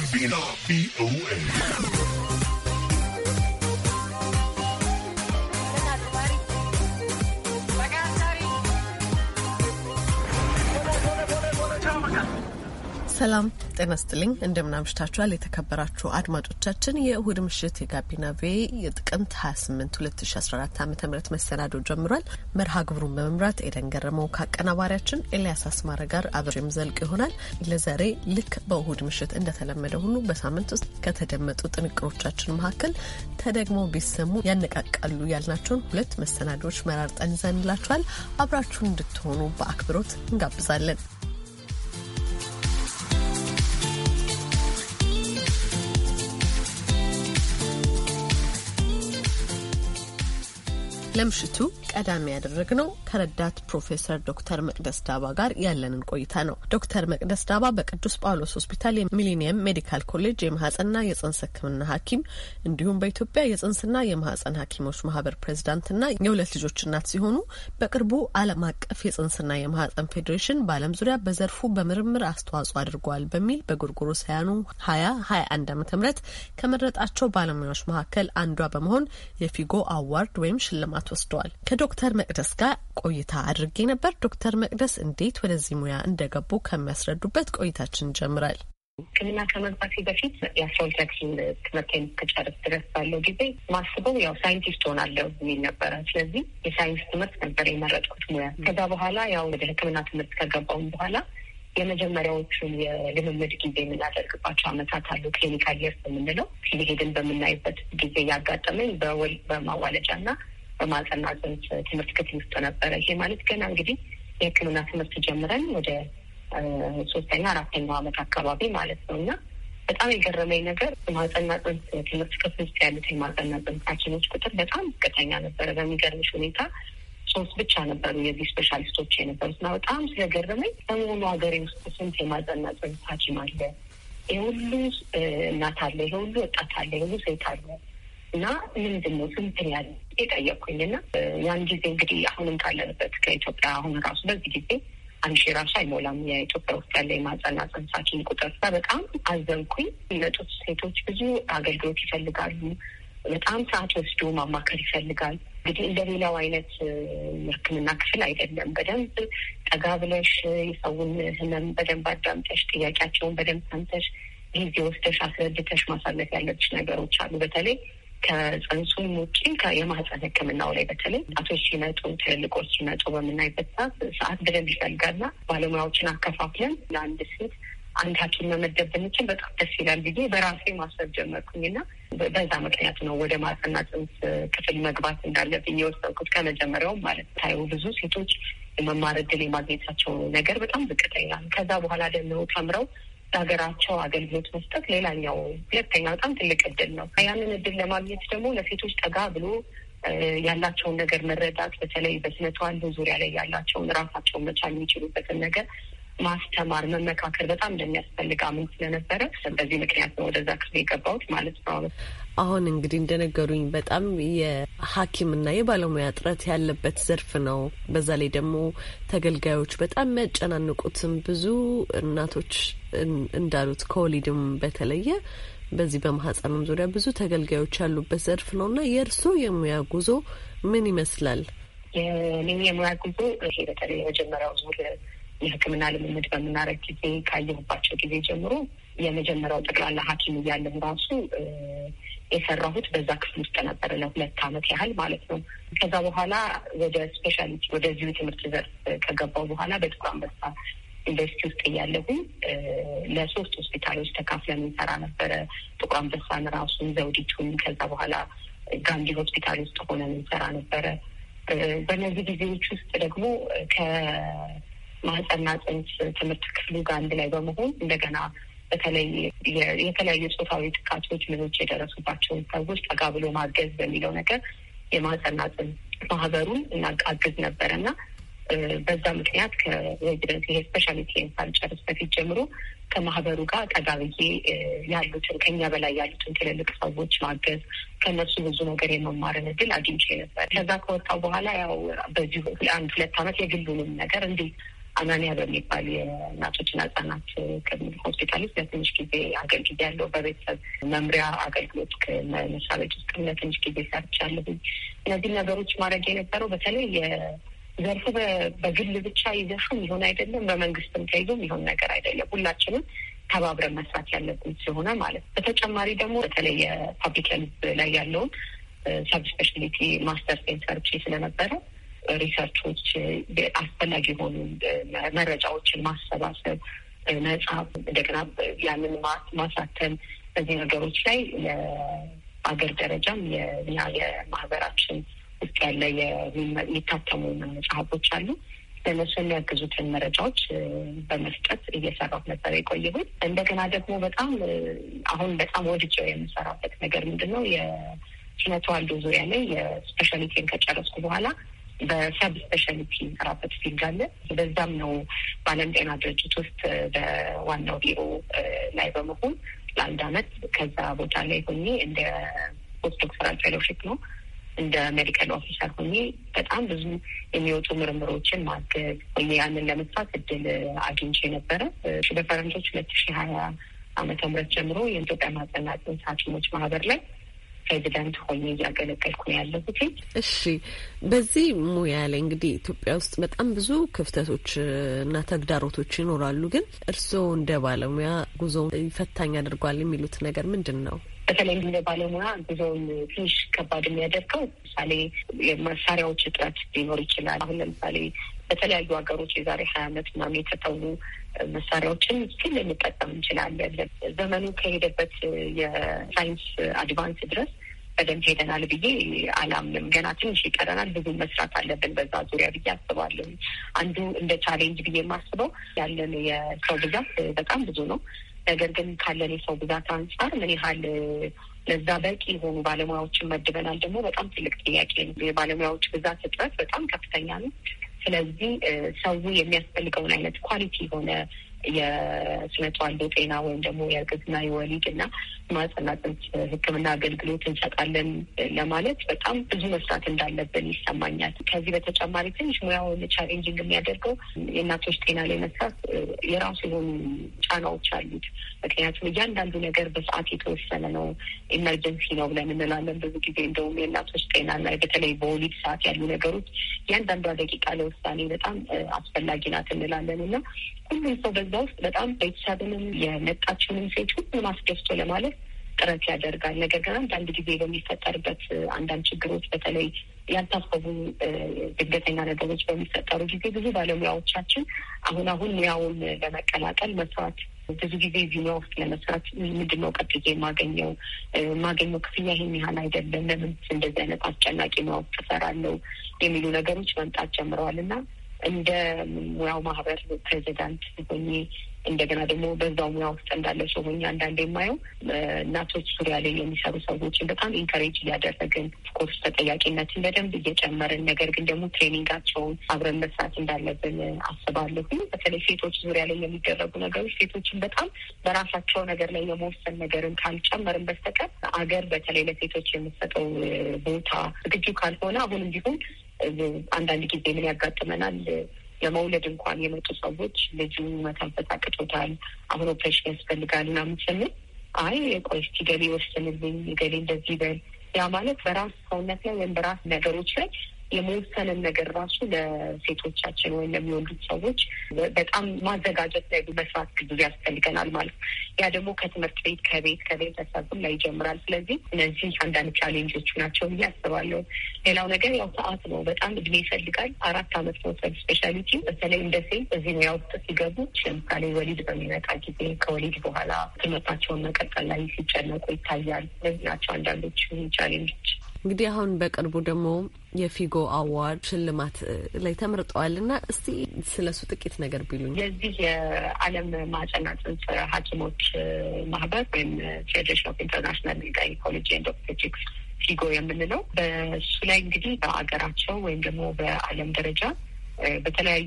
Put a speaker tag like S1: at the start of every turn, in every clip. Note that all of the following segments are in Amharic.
S1: Gambino,
S2: B-O-A.
S3: ሰላም ጤና ስጥልኝ። እንደምናምሽታችኋል የተከበራችሁ አድማጮቻችን የእሁድ ምሽት የጋቢና ቪ የጥቅምት 28 2014 ዓ ም መሰናዶ ጀምሯል። መርሃ ግብሩን በመምራት ኤደን ገረመው ከአቀናባሪያችን ኤልያስ አስማረ ጋር አብሬም ዘልቅ ይሆናል። ለዛሬ ልክ በእሁድ ምሽት እንደተለመደ ሁሉ በሳምንት ውስጥ ከተደመጡ ጥንቅሮቻችን መካከል ተደግሞ ቢሰሙ ያነቃቃሉ ያልናቸውን ሁለት መሰናዶዎች መራርጠን ይዘንላችኋል። አብራችሁን እንድትሆኑ በአክብሮት እንጋብዛለን። ለምሽቱ ቀዳሚ ያደረግነው ከረዳት ፕሮፌሰር ዶክተር መቅደስ ዳባ ጋር ያለንን ቆይታ ነው። ዶክተር መቅደስ ዳባ በቅዱስ ጳውሎስ ሆስፒታል የሚሊኒየም ሜዲካል ኮሌጅ የማህጸንና የጽንስ ሕክምና ሐኪም እንዲሁም በኢትዮጵያ የጽንስና የማህጸን ሐኪሞች ማህበር ፕሬዚዳንትና የሁለት ልጆች እናት ሲሆኑ በቅርቡ ዓለም አቀፍ የጽንስና የማህጸን ፌዴሬሽን በዓለም ዙሪያ በዘርፉ በምርምር አስተዋጽኦ አድርገዋል በሚል ሳያኑ ሀያ ሀያ አንድ ዓመተ ምህረት ከመረጣቸው ባለሙያዎች መካከል አንዷ በመሆን የፊጎ አዋርድ ወይም ሽልማቱ ወስደዋል። ከዶክተር መቅደስ ጋር ቆይታ አድርጌ ነበር። ዶክተር መቅደስ እንዴት ወደዚህ ሙያ እንደገቡ ከሚያስረዱበት ቆይታችን ጀምራል።
S2: ሕክምና ከመግባቴ በፊት የአስራ ሁለተኛ ክፍል ትምህርቴን እስከጨርስ ድረስ ባለው ጊዜ ማስበው ያው ሳይንቲስት ሆናለሁ የሚል ነበረ። ስለዚህ የሳይንስ ትምህርት ነበር የመረጥኩት ሙያ። ከዛ በኋላ ያው ወደ ሕክምና ትምህርት ከገባውም በኋላ የመጀመሪያዎቹን የልምምድ ጊዜ የምናደርግባቸው አመታት አሉ። ክሊኒካል የርስ የምንለው ሲሄድን በምናይበት ጊዜ ያጋጠመኝ በወል በማዋለጃ እና በማጸና ጽንስ ትምህርት ክፍል ውስጥ ነበረ። ይሄ ማለት ገና እንግዲህ የሕክምና ትምህርት ጀምረን ወደ ሶስተኛ አራተኛው ዓመት አካባቢ ማለት ነው እና በጣም የገረመኝ ነገር ማጸና ጽንስ ትምህርት ክፍል ውስጥ ያሉት የማጸና ጽንስ ሐኪሞች ቁጥር በጣም ዝቅተኛ ነበረ። በሚገርምሽ ሁኔታ ሶስት ብቻ ነበሩ የዚህ ስፔሻሊስቶች የነበሩት እና በጣም ስለገረመኝ በመሆኑ ሀገሬ ውስጥ ስንት የማጸና ጽንስ ሐኪም አለ? ይህ ሁሉ እናት አለ፣ የሁሉ ሁሉ ወጣት አለ፣ የሁሉ ሴት አለ እና ምንድን ነው ስንት ያለ የጠየቅኩኝ እና ያን ጊዜ እንግዲህ አሁንም ካለንበት ከኢትዮጵያ አሁን ራሱ በዚህ ጊዜ አንድ ሺህ ራሱ አይሞላም የኢትዮጵያ ውስጥ ያለ የማህጸንና ጽንሳችን ቁጥር በጣም አዘንኩኝ። የሚመጡት ሴቶች ብዙ አገልግሎት ይፈልጋሉ። በጣም ሰዓት ወስዶ ማማከር ይፈልጋል። እንግዲህ እንደ ሌላው አይነት ሕክምና ክፍል አይደለም። በደንብ ጠጋ ብለሽ የሰውን ህመም በደንብ አዳምጠሽ ጥያቄያቸውን በደንብ ሰምተሽ ጊዜ ወስደሽ አስረድተሽ ማሳለፍ ያለብሽ ነገሮች አሉ። በተለይ ከጽንሱም ውጪ የማህፀን ሕክምናው ላይ በተለይ ጣቶች ሲመጡ ትልልቆች ሲመጡ በምናይበት ሰዓት ሰዓት ብለን ይፈልጋልና ባለሙያዎችን አከፋፍለን ለአንድ ሴት አንድ ሐኪም መመደብ ብንችል በጣም ደስ ይላል ጊዜ በራሴ ማሰብ ጀመርኩኝና በዛ ምክንያት ነው ወደ ማህፀንና ጽንስ ክፍል መግባት እንዳለብኝ የወሰንኩት ከመጀመሪያውም ማለት ታየው ብዙ ሴቶች የመማር እድል የማግኘታቸው ነገር በጣም ዝቅተኛ ከዛ በኋላ ደግሞ ተምረው ለሀገራቸው አገልግሎት መስጠት ሌላኛው ሁለተኛ በጣም ትልቅ እድል ነው። ያንን እድል ለማግኘት ደግሞ ለሴቶች ጠጋ ብሎ ያላቸውን ነገር መረዳት፣ በተለይ በስነ ተዋልዶ ዙሪያ ላይ ያላቸውን ራሳቸውን መቻል የሚችሉበትን ነገር ማስተማር፣ መመካከል በጣም እንደሚያስፈልግ አምን ስለነበረ በዚህ ምክንያት ነው ወደዛ
S3: ክፍል የገባሁት ማለት ነው። አሁን እንግዲህ እንደነገሩኝ በጣም የሐኪምና የባለሙያ እጥረት ያለበት ዘርፍ ነው። በዛ ላይ ደግሞ ተገልጋዮች በጣም የሚያጨናንቁትም ብዙ እናቶች እንዳሉት ከወሊድም በተለየ በዚህ በማህፀኑም ዙሪያ ብዙ ተገልጋዮች ያሉበት ዘርፍ ነው እና የእርስዎ የሙያ ጉዞ ምን ይመስላል?
S2: የኔ የሙያ ጉዞ ይሄ በተለይ የመጀመሪያው ዙር የሕክምና ልምምድ በምናረግ ጊዜ ካየሁባቸው ጊዜ ጀምሮ የመጀመሪያው ጠቅላላ ሐኪም እያለሁ ራሱ የሰራሁት በዛ ክፍል ውስጥ ነበር ለሁለት አመት ያህል ማለት ነው። ከዛ በኋላ ወደ ስፔሻሊቲ ወደዚሁ ትምህርት ዘርፍ ከገባው በኋላ በጥቁር አንበሳ ዩኒቨርሲቲ ውስጥ እያለሁኝ ለሶስት ሆስፒታሎች ተካፍለን እንሰራ ነበረ። ጥቁር አንበሳን ራሱን፣ ዘውዲቱን ከዛ በኋላ ጋንዲ ሆስፒታል ውስጥ ሆነን እንሰራ ነበረ። በእነዚህ ጊዜዎች ውስጥ ደግሞ ማህፀንና ጽንስ ትምህርት ክፍሉ ጋር አንድ ላይ በመሆን እንደገና በተለይ የተለያዩ ጾታዊ ጥቃቶች ምኖች የደረሱባቸውን ሰዎች ጠጋ ብሎ ማገዝ በሚለው ነገር የማህፀንና ጽንስ ማህበሩን እናግዝ ነበረ እና በዛ ምክንያት ከሬዚደንስ ይሄ ስፔሻሊቲ ሳልጨርስ በፊት ጀምሮ ከማህበሩ ጋር ጠጋ ብዬ ያሉትን ከኛ በላይ ያሉትን ትልልቅ ሰዎች ማገዝ ከነሱ ብዙ ነገር የመማርን እድል አግኝቼ ነበር። ከዛ ከወጣው በኋላ ያው በዚሁ አንድ ሁለት ዓመት የግሉንም ነገር እንዴት አማንያ በሚባል የእናቶችና ህጻናት ከሚል ሆስፒታል ውስጥ ለትንሽ ጊዜ ያለው በቤተሰብ መምሪያ አገልግሎት መስሪያ ቤት ውስጥ ለትንሽ ጊዜ ሰርቻለሁኝ። እነዚህ ነገሮች ማድረግ የነበረው በተለይ ዘርፉ በግል ብቻ ይዘሹ ይሆን አይደለም፣ በመንግስትም ተይዞም ይሆን ነገር አይደለም። ሁላችንም ተባብረን መስራት ያለብን ስለሆነ ማለት ነው። በተጨማሪ ደግሞ በተለይ የፓብሊክ ሄልዝ ላይ ያለውን ሰብስፔሻሊቲ ማስተር ሴንተር ስለነበረ ሪሰርቾች፣ አስፈላጊ የሆኑ መረጃዎችን ማሰባሰብ፣ መጽሐፍ እንደገና ያንን ማሳተም በዚህ ነገሮች ላይ ለአገር ደረጃም የኛ የማህበራችን ውስጥ ያለ የሚታተሙ መጽሐፎች አሉ። ለነሱ የሚያግዙትን መረጃዎች በመስጠት እየሰራሁ ነበር የቆየሁት። እንደገና ደግሞ በጣም አሁን በጣም ወድጀው የምሰራበት ነገር ምንድን ነው? የስነ ተዋልዶ ዙሪያ ላይ የስፔሻሊቲን ከጨረስኩ በኋላ በሰብ ስፔሻሊቲ የሚሰራበት ፊልድ አለ። በዛም ነው በዓለም ጤና ድርጅት ውስጥ በዋናው ቢሮ ላይ በመሆን ለአንድ አመት ከዛ ቦታ ላይ ሆኜ እንደ ፖስት ዶክተራል ፌሎሺፕ ነው እንደ ሜዲካል ኦፊሰር ሆኜ በጣም ብዙ የሚወጡ ምርምሮችን ማገዝ ሆኜ ያንን ለመስራት እድል አግኝቼ ነበረ። በፈረንጆች ሁለት ሺ ሀያ አመተ ምህረት ጀምሮ የኢትዮጵያ ማህጸንና ሐኪሞች ማህበር ላይ ፕሬዚዳንት ሆኜ እያገለገልኩ ነው ያለሁት።
S3: እሺ፣ በዚህ ሙያ ላይ እንግዲህ ኢትዮጵያ ውስጥ በጣም ብዙ ክፍተቶች እና ተግዳሮቶች ይኖራሉ። ግን እርስዎ እንደ ባለሙያ ጉዞውን ይፈታኝ አድርጓል የሚሉት ነገር ምንድን ነው?
S2: በተለይ እንደ ባለሙያ ጉዞውን ትንሽ ከባድ የሚያደርገው ለምሳሌ የመሳሪያዎች እጥረት ሊኖር ይችላል። አሁን ለምሳሌ በተለያዩ ሀገሮች የዛሬ ሀያ አመት ምናምን የተተዉ መሳሪያዎችን ስቲል ልንጠቀም እንችላለን። ዘመኑ ከሄደበት የሳይንስ አድቫንስ ድረስ በደንብ ሄደናል ብዬ አላምንም። ገና ትንሽ ይቀረናል፣ ብዙ መስራት አለብን በዛ ዙሪያ ብዬ አስባለሁ። አንዱ እንደ ቻሌንጅ ብዬ የማስበው ያለን የሰው ብዛት በጣም ብዙ ነው። ነገር ግን ካለን የሰው ብዛት አንጻር ምን ያህል ለዛ በቂ የሆኑ ባለሙያዎችን መድበናል ደግሞ በጣም ትልቅ ጥያቄ ነው። የባለሙያዎች ብዛት እጥረት በጣም ከፍተኛ ነው። ስለዚህ ሰው የሚያስፈልገውን አይነት ኳሊቲ የሆነ የስነ ተዋልዶ ጤና ወይም ደግሞ የእርግዝና የወሊድ እና ማህጸንና ጽንስ ሕክምና አገልግሎት እንሰጣለን ለማለት በጣም ብዙ መስራት እንዳለብን ይሰማኛል። ከዚህ በተጨማሪ ትንሽ ሙያውን ቻሌንጂንግ የሚያደርገው የእናቶች ጤና ላይ መስራት የራሱ የሆኑ ጫናዎች አሉት። ምክንያቱም እያንዳንዱ ነገር በሰዓት የተወሰነ ነው። ኢመርጀንሲ ነው ብለን እንላለን ብዙ ጊዜ እንደውም የእናቶች ጤና ላይ በተለይ በወሊድ ሰዓት ያሉ ነገሮች እያንዳንዷ ደቂቃ ለውሳኔ በጣም አስፈላጊ ናት እንላለን እና ሁሉም ሰው በዛ ውስጥ በጣም ቤተሰብንም የመጣችውንም ሴት ሁሉ አስደስቶ ለማለት ጥረት ያደርጋል። ነገር ግን አንዳንድ ጊዜ በሚፈጠርበት አንዳንድ ችግሮች በተለይ ያልታሰቡ ድንገተኛ ነገሮች በሚፈጠሩ ጊዜ ብዙ ባለሙያዎቻችን አሁን አሁን ሙያውን ለመቀላቀል መስራት ብዙ ጊዜ እዚህ ሙያ ውስጥ ለመስራት ምንድን ነው ቀጥዬ የማገኘው የማገኘው ክፍያ ይህን ያህል አይደለም፣ ለምን እንደዚህ አይነት አስጨናቂ ሙያ ውስጥ እሰራለሁ የሚሉ ነገሮች መምጣት ጀምረዋል እና እንደ ሙያው ማህበር ፕሬዚዳንት ሆኜ እንደገና ደግሞ በዛው ሙያ ውስጥ እንዳለ ሰው ሆኜ አንዳንድ የማየው እናቶች ዙሪያ ላይ የሚሰሩ ሰዎችን በጣም ኢንከሬጅ እያደረግን ኮርስ ተጠያቂነትን በደንብ እየጨመርን ነገር ግን ደግሞ ትሬኒንጋቸውን አብረን መስራት እንዳለብን አስባለሁ። በተለይ ሴቶች ዙሪያ ላይ የሚደረጉ ነገሮች ሴቶችን በጣም በራሳቸው ነገር ላይ የመወሰን ነገርን ካልጨመርን በስተቀር አገር በተለይ ለሴቶች የምሰጠው ቦታ ዝግጁ ካልሆነ አሁን እንዲሁም። አንዳንድ ጊዜ ምን ያጋጥመናል ለመውለድ እንኳን የመጡ ሰዎች ልጁ መተንፈስ አቅቶታል፣ አሁን ኦፕሬሽን ያስፈልጋል ምናምን ስንል አይ ቆይ እስኪ ገሌ ወስንልኝ፣ ገሌ እንደዚህ በል። ያ ማለት በራስ ሰውነት ላይ ወይም በራስ ነገሮች ላይ የመወሰንን ነገር ራሱ ለሴቶቻችን ወይም ለሚወልዱት ሰዎች በጣም ማዘጋጀት ላይ መስራት ብዙ ያስፈልገናል ማለት ነው። ያ ደግሞ ከትምህርት ቤት፣ ከቤት ከቤተሰብም ላይ ይጀምራል። ስለዚህ እነዚህ አንዳንድ ቻሌንጆቹ ናቸው ብዬ አስባለሁ። ሌላው ነገር ያው ሰዓት ነው። በጣም እድሜ ይፈልጋል። አራት አመት መውሰድ ስፔሻሊቲ በተለይ እንደ ሴት እዚህ ሙያ ውስጥ ሲገቡ ለምሳሌ ወሊድ በሚመጣ ጊዜ ከወሊድ በኋላ ትምህርታቸውን መቀጠል ላይ ሲጨነቁ
S3: ይታያል። እነዚህ ናቸው አንዳንዶቹ ቻሌንጆች። እንግዲህ አሁን በቅርቡ ደግሞ የፊጎ አዋርድ ሽልማት ላይ ተመርጠዋል እና እስቲ ስለሱ ጥቂት ነገር ቢሉኝ። የዚህ የዓለም ማህጸንና ጽንስ ሐኪሞች ማህበር ወይም ፌዴሬሽን
S2: ኦፍ ኢንተርናሽናል ጋይናኮሎጂ ኤንድ ኦብስቴትሪክስ ፊጎ የምንለው በሱ ላይ እንግዲህ በአገራቸው ወይም ደግሞ በዓለም ደረጃ በተለያዩ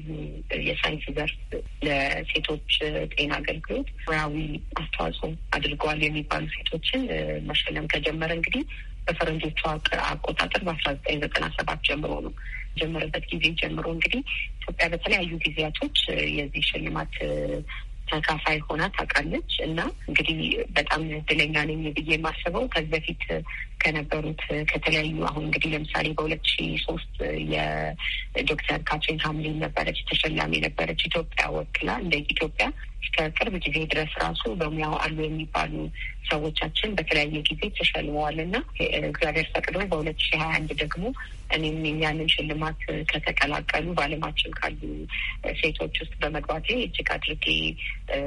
S2: የሳይንስ ዘርፍ ለሴቶች ጤና አገልግሎት ሙያዊ አስተዋጽኦ አድርገዋል የሚባሉ ሴቶችን መሸለም ከጀመረ እንግዲህ በፈረንጆቹ አቆጣጠር በአስራ ዘጠኝ ዘጠና ሰባት ጀምሮ ነው ጀመረበት ጊዜ ጀምሮ እንግዲህ ኢትዮጵያ በተለያዩ ጊዜያቶች የዚህ ሽልማት ተካፋይ ሆና ታውቃለች እና እንግዲህ በጣም እድለኛ ነኝ ብዬ የማስበው ከዚህ በፊት ከነበሩት ከተለያዩ አሁን እንግዲህ ለምሳሌ በሁለት ሺ ሶስት የዶክተር ካትሪን ሀምሊን ነበረች ተሸላሚ ነበረች ኢትዮጵያ ወክላ እንደ ኢትዮጵያ እስከ ቅርብ ጊዜ ድረስ ራሱ በሙያው አሉ የሚባሉ ሰዎቻችን በተለያየ ጊዜ ተሸልመዋል እና እግዚአብሔር ፈቅዶ በሁለት ሺ ሀያ አንድ ደግሞ እኔም ያንን ሽልማት ከተቀላቀሉ በዓለማችን ካሉ ሴቶች ውስጥ በመግባቴ እጅግ አድርጌ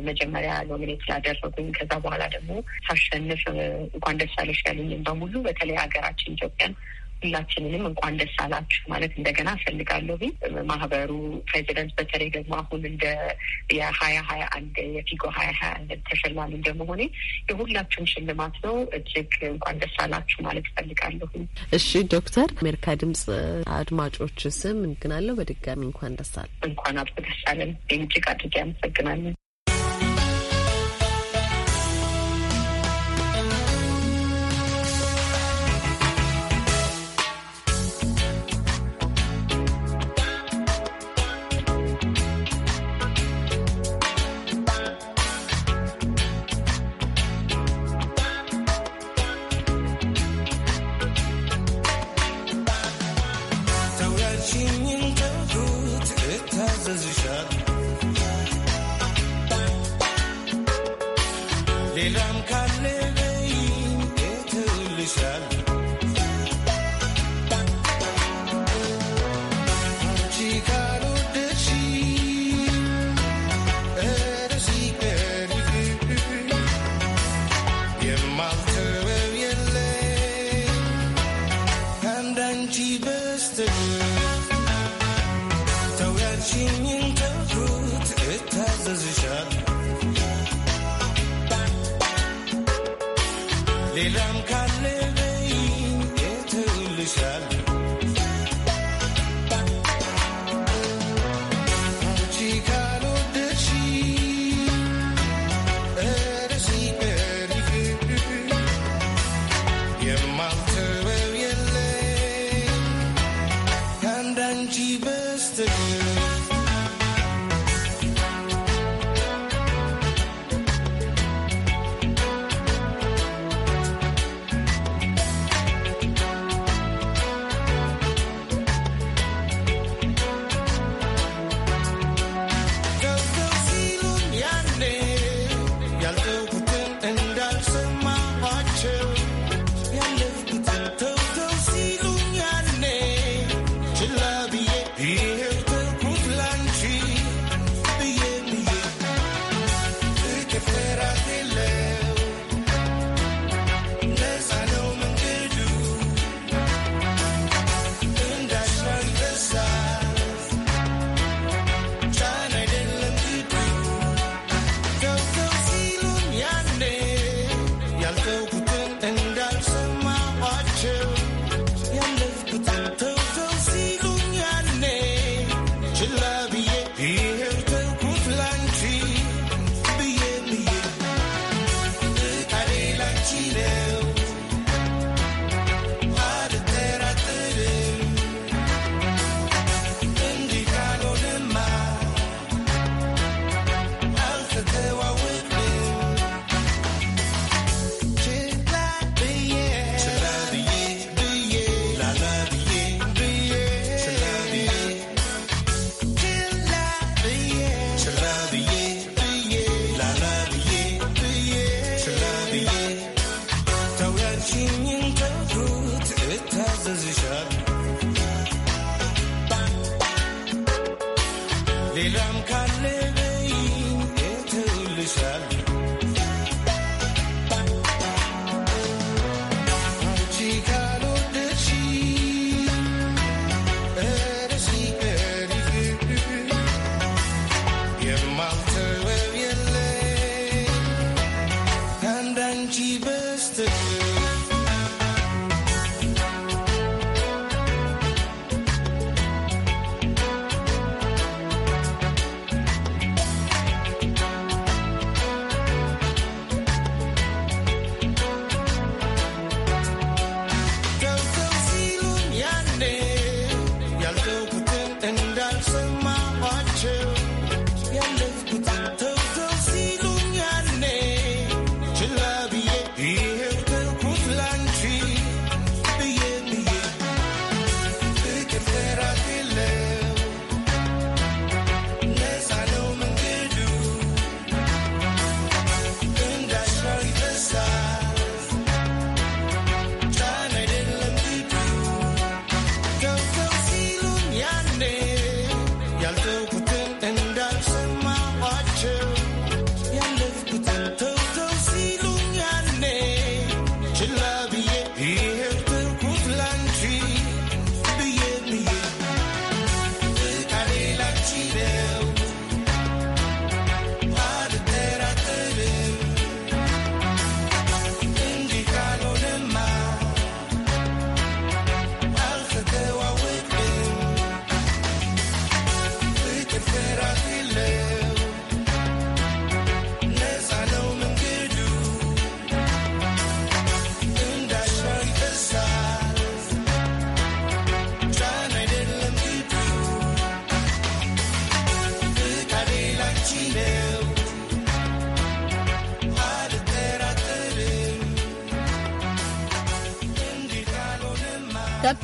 S2: መጀመሪያ ኖሚኔት ላደረጉኝ ከዛ በኋላ ደግሞ ሳሸንፍ እንኳን ደስ አለሽ ያሉኝም በሙሉ በተለይ ሀገራችን ኢትዮጵያን ሁላችንንም እንኳን ደስ አላችሁ ማለት እንደገና እፈልጋለሁ። ማህበሩ ፕሬዚደንት በተለይ ደግሞ አሁን እንደ የሀያ ሀያ አንድ የፊጎ ሀያ ሀያ አንድ ተሸላሚ እንደመሆኔ የሁላችሁም ሽልማት ነው። እጅግ እንኳን ደስ አላችሁ ማለት እፈልጋለሁ።
S3: እሺ ዶክተር አሜሪካ ድምጽ አድማጮች ስም እንግናለሁ በድጋሚ እንኳን ደስ አለ እንኳን አብሮ ደስ አለን። እጅግ አድርጌ
S2: አመሰግናለን።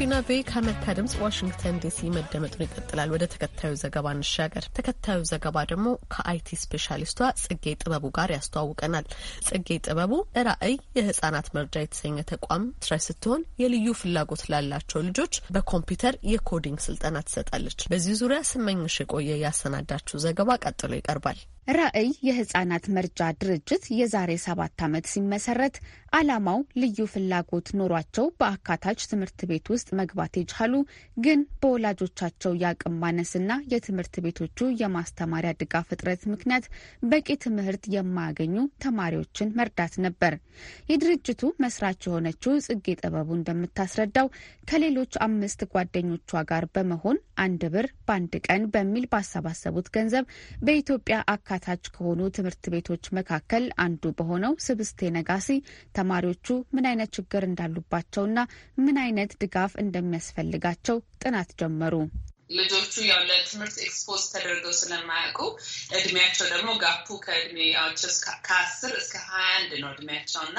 S3: ጋቢና ቤ ከአሜሪካ ድምጽ ዋሽንግተን ዲሲ መደመጡን ይቀጥላል። ወደ ተከታዩ ዘገባ እንሻገር። ተከታዩ ዘገባ ደግሞ ከአይቲ ስፔሻሊስቷ ጽጌ ጥበቡ ጋር ያስተዋውቀናል። ጽጌ ጥበቡ ራዕይ የህጻናት መርጃ የተሰኘ ተቋም መስራች ስትሆን የልዩ ፍላጎት ላላቸው ልጆች በኮምፒውተር የኮዲንግ ስልጠና ትሰጣለች። በዚህ ዙሪያ ስመኝሽ የቆየ ያሰናዳችው ዘገባ ቀጥሎ ይቀርባል።
S4: ራዕይ የህጻናት መርጃ ድርጅት የዛሬ ሰባት ዓመት ሲመሰረት ዓላማው ልዩ ፍላጎት ኖሯቸው በአካታች ትምህርት ቤት ውስጥ መግባት የቻሉ ግን በወላጆቻቸው የአቅም ማነስና የትምህርት ቤቶቹ የማስተማሪያ ድጋፍ እጥረት ምክንያት በቂ ትምህርት የማያገኙ ተማሪዎችን መርዳት ነበር። የድርጅቱ መስራች የሆነችው ጽጌ ጥበቡ እንደምታስረዳው ከሌሎች አምስት ጓደኞቿ ጋር በመሆን አንድ ብር በአንድ ቀን በሚል ባሰባሰቡት ገንዘብ በኢትዮጵያ አካ አካታች ከሆኑ ትምህርት ቤቶች መካከል አንዱ በሆነው ስብስቴ ነጋሲ ተማሪዎቹ ምን አይነት ችግር እንዳሉባቸውና ምን አይነት ድጋፍ እንደሚያስፈልጋቸው ጥናት ጀመሩ።
S5: ልጆቹ ያው ለትምህርት ኤክስፖዝ ተደርገው ስለማያውቁ እድሜያቸው ደግሞ ጋፑ ከእድሜያቸው ከአስር እስከ ሀያ አንድ ነው እድሜያቸው እና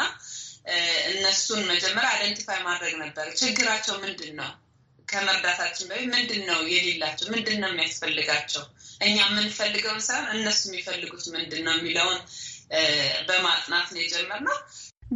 S5: እነሱን መጀመሪያ አይደንቲፋይ ማድረግ ነበር። ችግራቸው ምንድን ነው? ከመርዳታችን በፊት ምንድን ነው የሌላቸው፣ ምንድን ነው የሚያስፈልጋቸው፣ እኛ የምንፈልገውን ሳይሆን እነሱ የሚፈልጉት ምንድን ነው የሚለውን በማጥናት ነው የጀመርነው።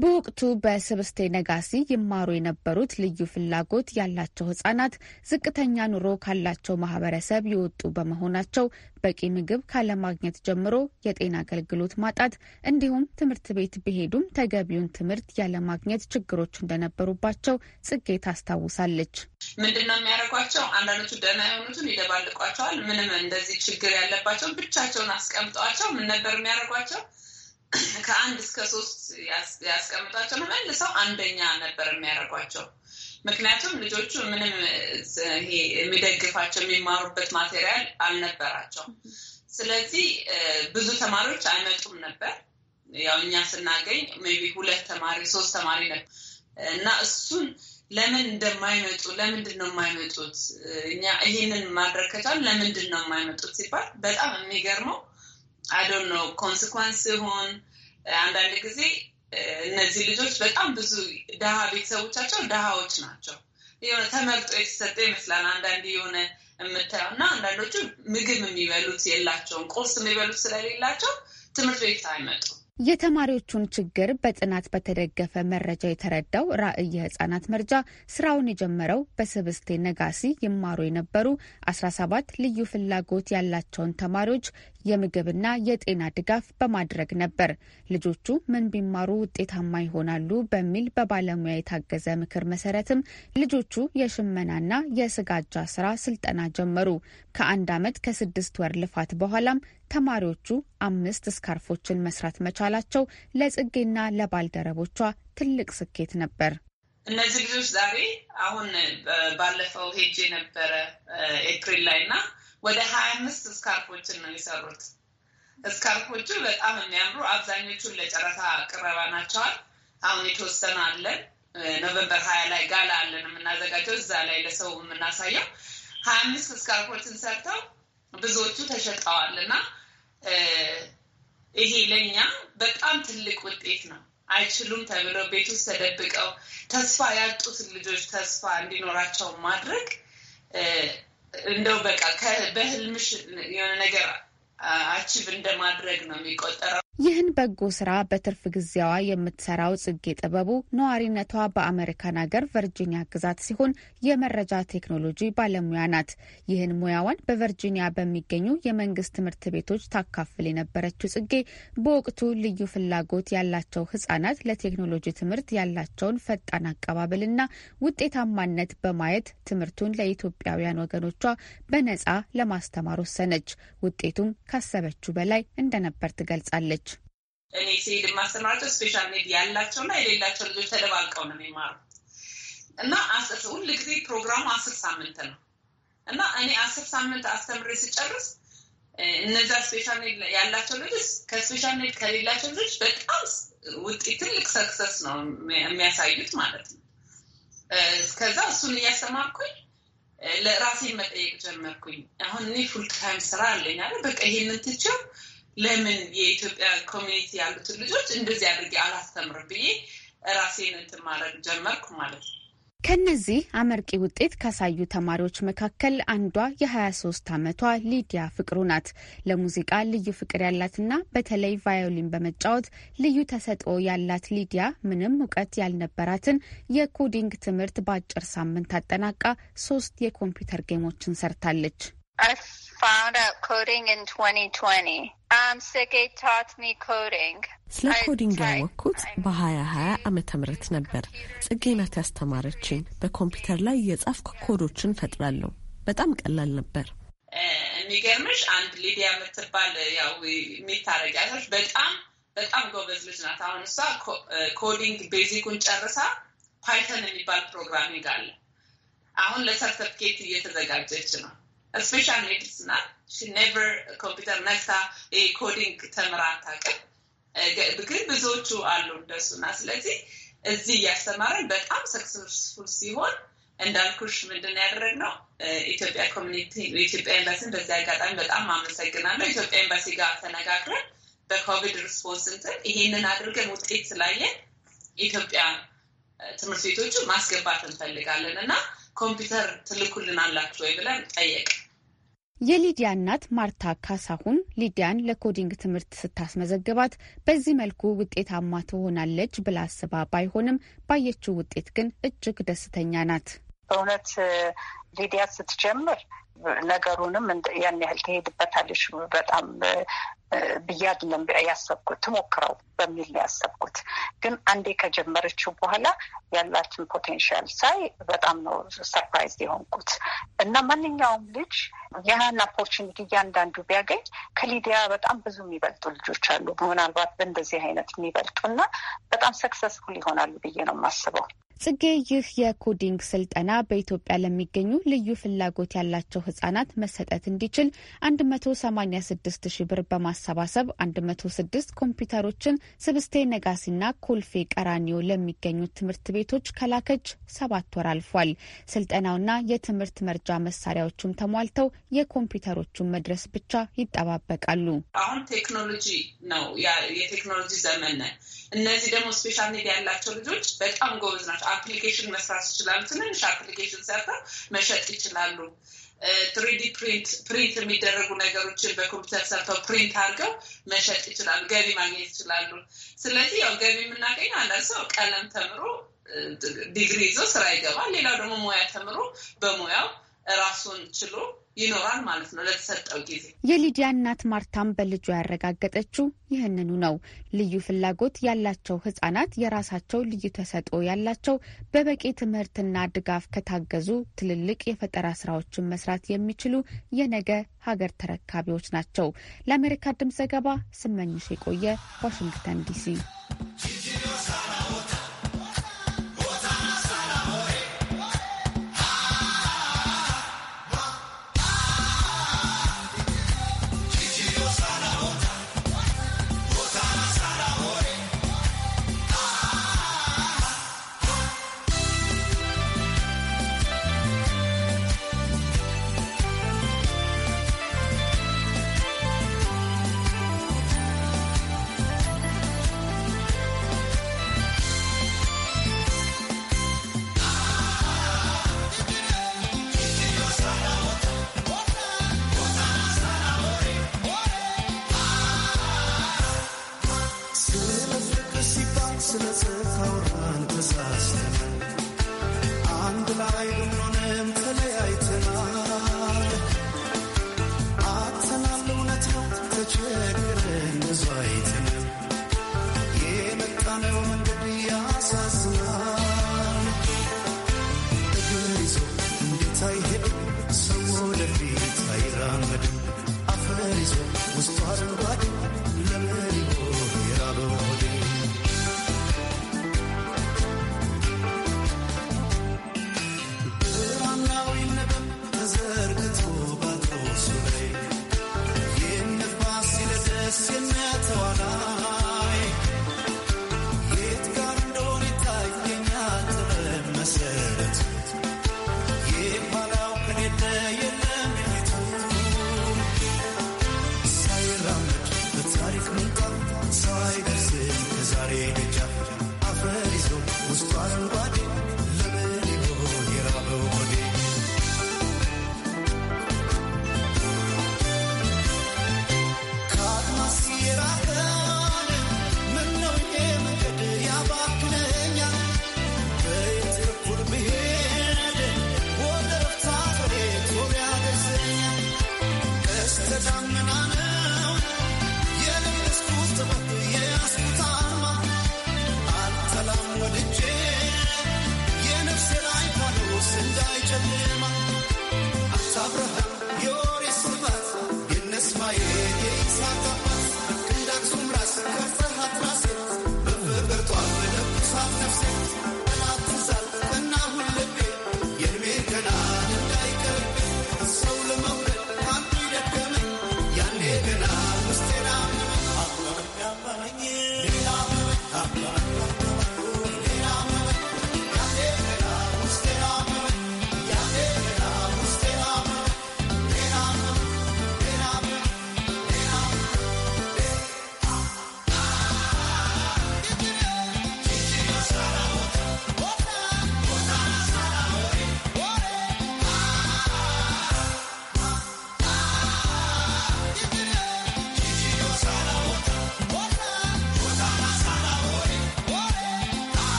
S4: በወቅቱ በስብስቴ ነጋሲ ይማሩ የነበሩት ልዩ ፍላጎት ያላቸው ህጻናት ዝቅተኛ ኑሮ ካላቸው ማህበረሰብ የወጡ በመሆናቸው በቂ ምግብ ካለማግኘት ጀምሮ የጤና አገልግሎት ማጣት እንዲሁም ትምህርት ቤት ቢሄዱም ተገቢውን ትምህርት ያለማግኘት ችግሮች እንደነበሩባቸው ጽጌ ታስታውሳለች።
S5: ምንድን ነው የሚያደርጓቸው? አንዳንዶቹ ደህና የሆኑትን ይደባልቋቸዋል። ምንም እንደዚህ ችግር ያለባቸው ብቻቸውን አስቀምጠዋቸው ምን ነበር የሚያደርጓቸው? ከአንድ እስከ ሶስት ያስቀምጧቸው ነው። መልሰው አንደኛ ነበር የሚያደርጓቸው። ምክንያቱም ልጆቹ ምንም የሚደግፋቸው የሚማሩበት ማቴሪያል አልነበራቸው። ስለዚህ ብዙ ተማሪዎች አይመጡም ነበር። ያው እኛ ስናገኝ ሜይ ቢ ሁለት ተማሪ ሶስት ተማሪ ነበር እና እሱን ለምን እንደማይመጡ ለምንድን ነው የማይመጡት? እኛ ይህንን ማድረግ ከቻሉ ለምንድን ነው የማይመጡት ሲባል በጣም የሚገርመው አይዶን ነው ኮንስኳንስ ሲሆን አንዳንድ ጊዜ እነዚህ ልጆች በጣም ብዙ ድሃ ቤተሰቦቻቸው ድሃዎች ናቸው። የሆነ ተመርጦ የተሰጠ ይመስላል አንዳንድ የሆነ የምታየው እና አንዳንዶቹ ምግብ የሚበሉት የላቸውም። ቁርስ የሚበሉት ስለሌላቸው ትምህርት ቤት አይመጡ።
S4: የተማሪዎቹን ችግር በጥናት በተደገፈ መረጃ የተረዳው ራዕይ የህጻናት መርጃ ስራውን የጀመረው በስብስቴ ነጋሲ ይማሩ የነበሩ 17 ልዩ ፍላጎት ያላቸውን ተማሪዎች የምግብና የጤና ድጋፍ በማድረግ ነበር። ልጆቹ ምን ቢማሩ ውጤታማ ይሆናሉ በሚል በባለሙያ የታገዘ ምክር መሰረትም ልጆቹ የሽመናና የስጋጃ ስራ ስልጠና ጀመሩ። ከአንድ ዓመት ከስድስት ወር ልፋት በኋላም ተማሪዎቹ አምስት ስካርፎችን መስራት መቻላቸው ለጽጌና ለባልደረቦቿ ትልቅ ስኬት ነበር።
S5: እነዚህ ልጆች ዛሬ አሁን ባለፈው ሄጄ ነበረ ኤፕሪል ላይ እና ወደ ሀያ አምስት እስካርፎችን ነው የሰሩት። እስካርፎቹ በጣም የሚያምሩ አብዛኞቹን ለጨረታ ቅረባ ናቸዋል። አሁን የተወሰነ አለን። ኖቨምበር ሀያ ላይ ጋላ አለን የምናዘጋጀው እዛ ላይ ለሰው የምናሳየው ሀያ አምስት ስካርፎችን ሰርተው ብዙዎቹ ተሸጠዋል እና ይሄ ለእኛ በጣም ትልቅ ውጤት ነው። አይችሉም ተብለው ቤት ውስጥ ተደብቀው ተስፋ ያጡትን ልጆች ተስፋ እንዲኖራቸው ማድረግ እንደው በቃ በህልምሽ የሆነ ነገር አቺቭ እንደማድረግ ነው
S4: የሚቆጠረው ይህን በጎ ስራ በትርፍ ጊዜዋ የምትሰራው ጽጌ ጥበቡ ነዋሪነቷ በአሜሪካን ሀገር ቨርጂኒያ ግዛት ሲሆን የመረጃ ቴክኖሎጂ ባለሙያ ናት። ይህን ሙያዋን በቨርጂኒያ በሚገኙ የመንግስት ትምህርት ቤቶች ታካፍል የነበረችው ጽጌ በወቅቱ ልዩ ፍላጎት ያላቸው ህጻናት ለቴክኖሎጂ ትምህርት ያላቸውን ፈጣን አቀባበልና ውጤታማነት በማየት ትምህርቱን ለኢትዮጵያውያን ወገኖቿ በነጻ ለማስተማር ወሰነች። ውጤቱም ካሰበችው በላይ እንደነበር ትገልጻለች።
S5: እኔ ሲሄድ የማስተምራቸው ስፔሻል ኔድ ያላቸው እና የሌላቸው ልጆች ተደባልቀው ነው የሚማሩ እና ሁል ጊዜ ፕሮግራሙ አስር ሳምንት ነው እና እኔ አስር ሳምንት አስተምሬ ስጨርስ እነዛ ስፔሻል ኔድ ያላቸው ልጆች ከስፔሻል ኔድ ከሌላቸው ልጆች በጣም ውጤት ትልቅ ሰክሰስ ነው የሚያሳዩት ማለት ነው። እስከዛ እሱን እያስተማርኩኝ ለራሴን መጠየቅ ጀመርኩኝ። አሁን እኔ ፉልታይም ስራ አለኝ አለ በቃ ይሄንን ትቼው ለምን የኢትዮጵያ ኮሚኒቲ ያሉትን ልጆች እንደዚህ አድርጌ አላስተምር ብዬ ራሴን እንትን ማድረግ ጀመርኩ ማለት ነው።
S4: ከነዚህ አመርቂ ውጤት ካሳዩ ተማሪዎች መካከል አንዷ የ23 ዓመቷ ሊዲያ ፍቅሩ ናት። ለሙዚቃ ልዩ ፍቅር ያላትና በተለይ ቫዮሊን በመጫወት ልዩ ተሰጥኦ ያላት ሊዲያ ምንም እውቀት ያልነበራትን የኮዲንግ ትምህርት በአጭር ሳምንት አጠናቃ ሶስት የኮምፒውተር ጌሞችን ሰርታለች።
S5: I found out coding in 2020. Um,
S4: Sege taught me coding. ስለ ኮዲንግ ያወቅኩት በ2020 ዓመተ ምህረት
S3: ነበር። ጽጌ ናት ያስተማረችኝ። በኮምፒውተር ላይ የጻፍኩ ኮዶችን ፈጥራለሁ። በጣም ቀላል ነበር።
S5: የሚገርምሽ አንድ ሊዲያ የምትባል ያው የሚታረጊያቶች በጣም በጣም ጎበዝ ልጅ ናት። አሁን እሷ ኮዲንግ ቤዚኩን ጨርሳ ፓይተን የሚባል ፕሮግራሚንግ አለ። አሁን ለሰርተፍኬት እየተዘጋጀች ነው ስፔሻል ኔድስ ናት። ኔቨር ኮምፒውተር ነክታ ኮዲንግ ተምራ አታውቅም። ግን ብዙዎቹ አሉ እንደሱና ስለዚህ እዚህ እያስተማረን በጣም ሰክሰስፉል ሲሆን እንዳልኩሽ ምንድን ነው eh, ኢትዮጵያ ኮሚኒቲ ኢትዮጵያ ኤምባሲን በዚህ አጋጣሚ በጣም አመሰግናለሁ። ኢትዮጵያ ኤምባሲ ጋር ተነጋግረን በኮቪድ ሪስፖንስ እንትን ይሄንን አድርገን ውጤት ስላየን ኢትዮጵያ eh, ትምህርት ቤቶቹ ማስገባት እንፈልጋለን እና ኮምፒውተር ትልኩልን አላችሁ ወይ ብለን ጠየቅ
S4: የሊዲያ እናት ማርታ ካሳሁን ሊዲያን ለኮዲንግ ትምህርት ስታስመዘግባት በዚህ መልኩ ውጤታማ ትሆናለች ብላ አስባ ባይሆንም ባየችው ውጤት ግን እጅግ ደስተኛ ናት።
S2: በእውነት ሊዲያ ስትጀምር ነገሩንም ያን ያህል ትሄድበታለች በጣም ብዬ አይደለም ያሰብኩት ትሞክረው በሚል ነው ያሰብኩት። ግን አንዴ ከጀመረችው በኋላ ያላትን ፖቴንሻል ሳይ በጣም ነው ሰርፕራይዝ የሆንኩት እና ማንኛውም ልጅ ያህን ኦፖርቹኒቲ እያንዳንዱ ቢያገኝ ከሊዲያ በጣም ብዙ የሚበልጡ ልጆች አሉ። ምናልባት በእንደዚህ አይነት የሚበልጡ እና በጣም ሰክሰስፉል ይሆናሉ ብዬ ነው የማስበው።
S4: ጽጌ ይህ የኮዲንግ ስልጠና በኢትዮጵያ ለሚገኙ ልዩ ፍላጎት ያላቸው ህጻናት መሰጠት እንዲችል 186 ሺ ብር በማሰባሰብ 106 ኮምፒውተሮችን ስብስቴ ነጋሲና ኮልፌ ቀራኒዮ ለሚገኙ ትምህርት ቤቶች ከላከች ሰባት ወር አልፏል። ስልጠናውና የትምህርት መርጃ መሳሪያዎቹም ተሟልተው የኮምፒውተሮቹን መድረስ ብቻ ይጠባበቃሉ።
S5: አሁን ቴክኖሎጂ ነው፣ የቴክኖሎጂ ዘመን ነን። እነዚህ ደግሞ ስፔሻል ኒድ ያላቸው ልጆች በጣም ጎበዝ ናቸው። አፕሊኬሽን መስራት ይችላሉ። ትንንሽ አፕሊኬሽን ሰርተው መሸጥ ይችላሉ። ትሪዲ ፕሪንት ፕሪንት የሚደረጉ ነገሮችን በኮምፒውተር ሰርተው ፕሪንት አድርገው መሸጥ ይችላሉ፣ ገቢ ማግኘት ይችላሉ። ስለዚህ ያው ገቢ የምናገኘው አንዳንድ ሰው ቀለም ተምሮ ዲግሪ ይዞ ስራ ይገባል። ሌላው ደግሞ ሙያ ተምሮ በሙያው ራሱን ችሎ ይኖራል ማለት ነው ለተሰጠው ጊዜ።
S4: የሊዲያ እናት ማርታም በልጇ ያረጋገጠችው ይህንኑ ነው። ልዩ ፍላጎት ያላቸው ህጻናት የራሳቸው ልዩ ተሰጥኦ ያላቸው በበቂ ትምህርትና ድጋፍ ከታገዙ ትልልቅ የፈጠራ ስራዎችን መስራት የሚችሉ የነገ ሀገር ተረካቢዎች ናቸው። ለአሜሪካ ድምጽ ዘገባ ስመኝሽ የቆየ ዋሽንግተን ዲሲ።
S1: ስለ ስታውራን ተሳስተን አንድ ላይ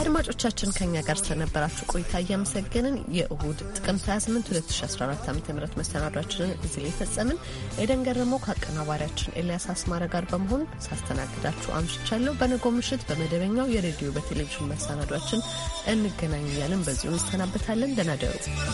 S3: አድማጮቻችን ከኛ ጋር ስለነበራችሁ ቆይታ እያመሰገንን የእሁድ ጥቅምት 28 2014 ዓ ም መሰናዷችንን እዚህ ላይ ፈጸምን። ኤደን ገረመው ከአቀናባሪያችን ኤልያስ አስማረ ጋር በመሆን ሳስተናግዳችሁ አምሽቻለሁ። በነገው ምሽት በመደበኛው የሬዲዮ በቴሌቪዥን መሰናዷችን እንገናኛለን። በዚሁ እንሰናበታለን። ደናደሩ ደሩ።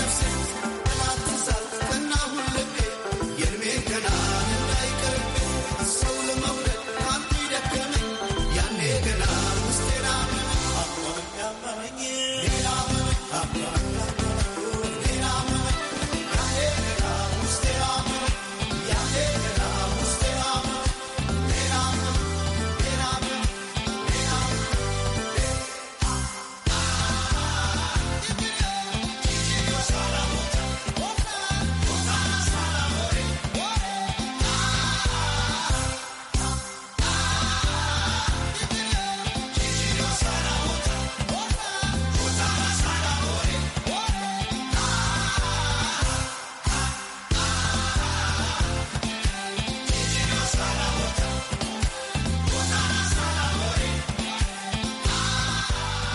S1: Joseph.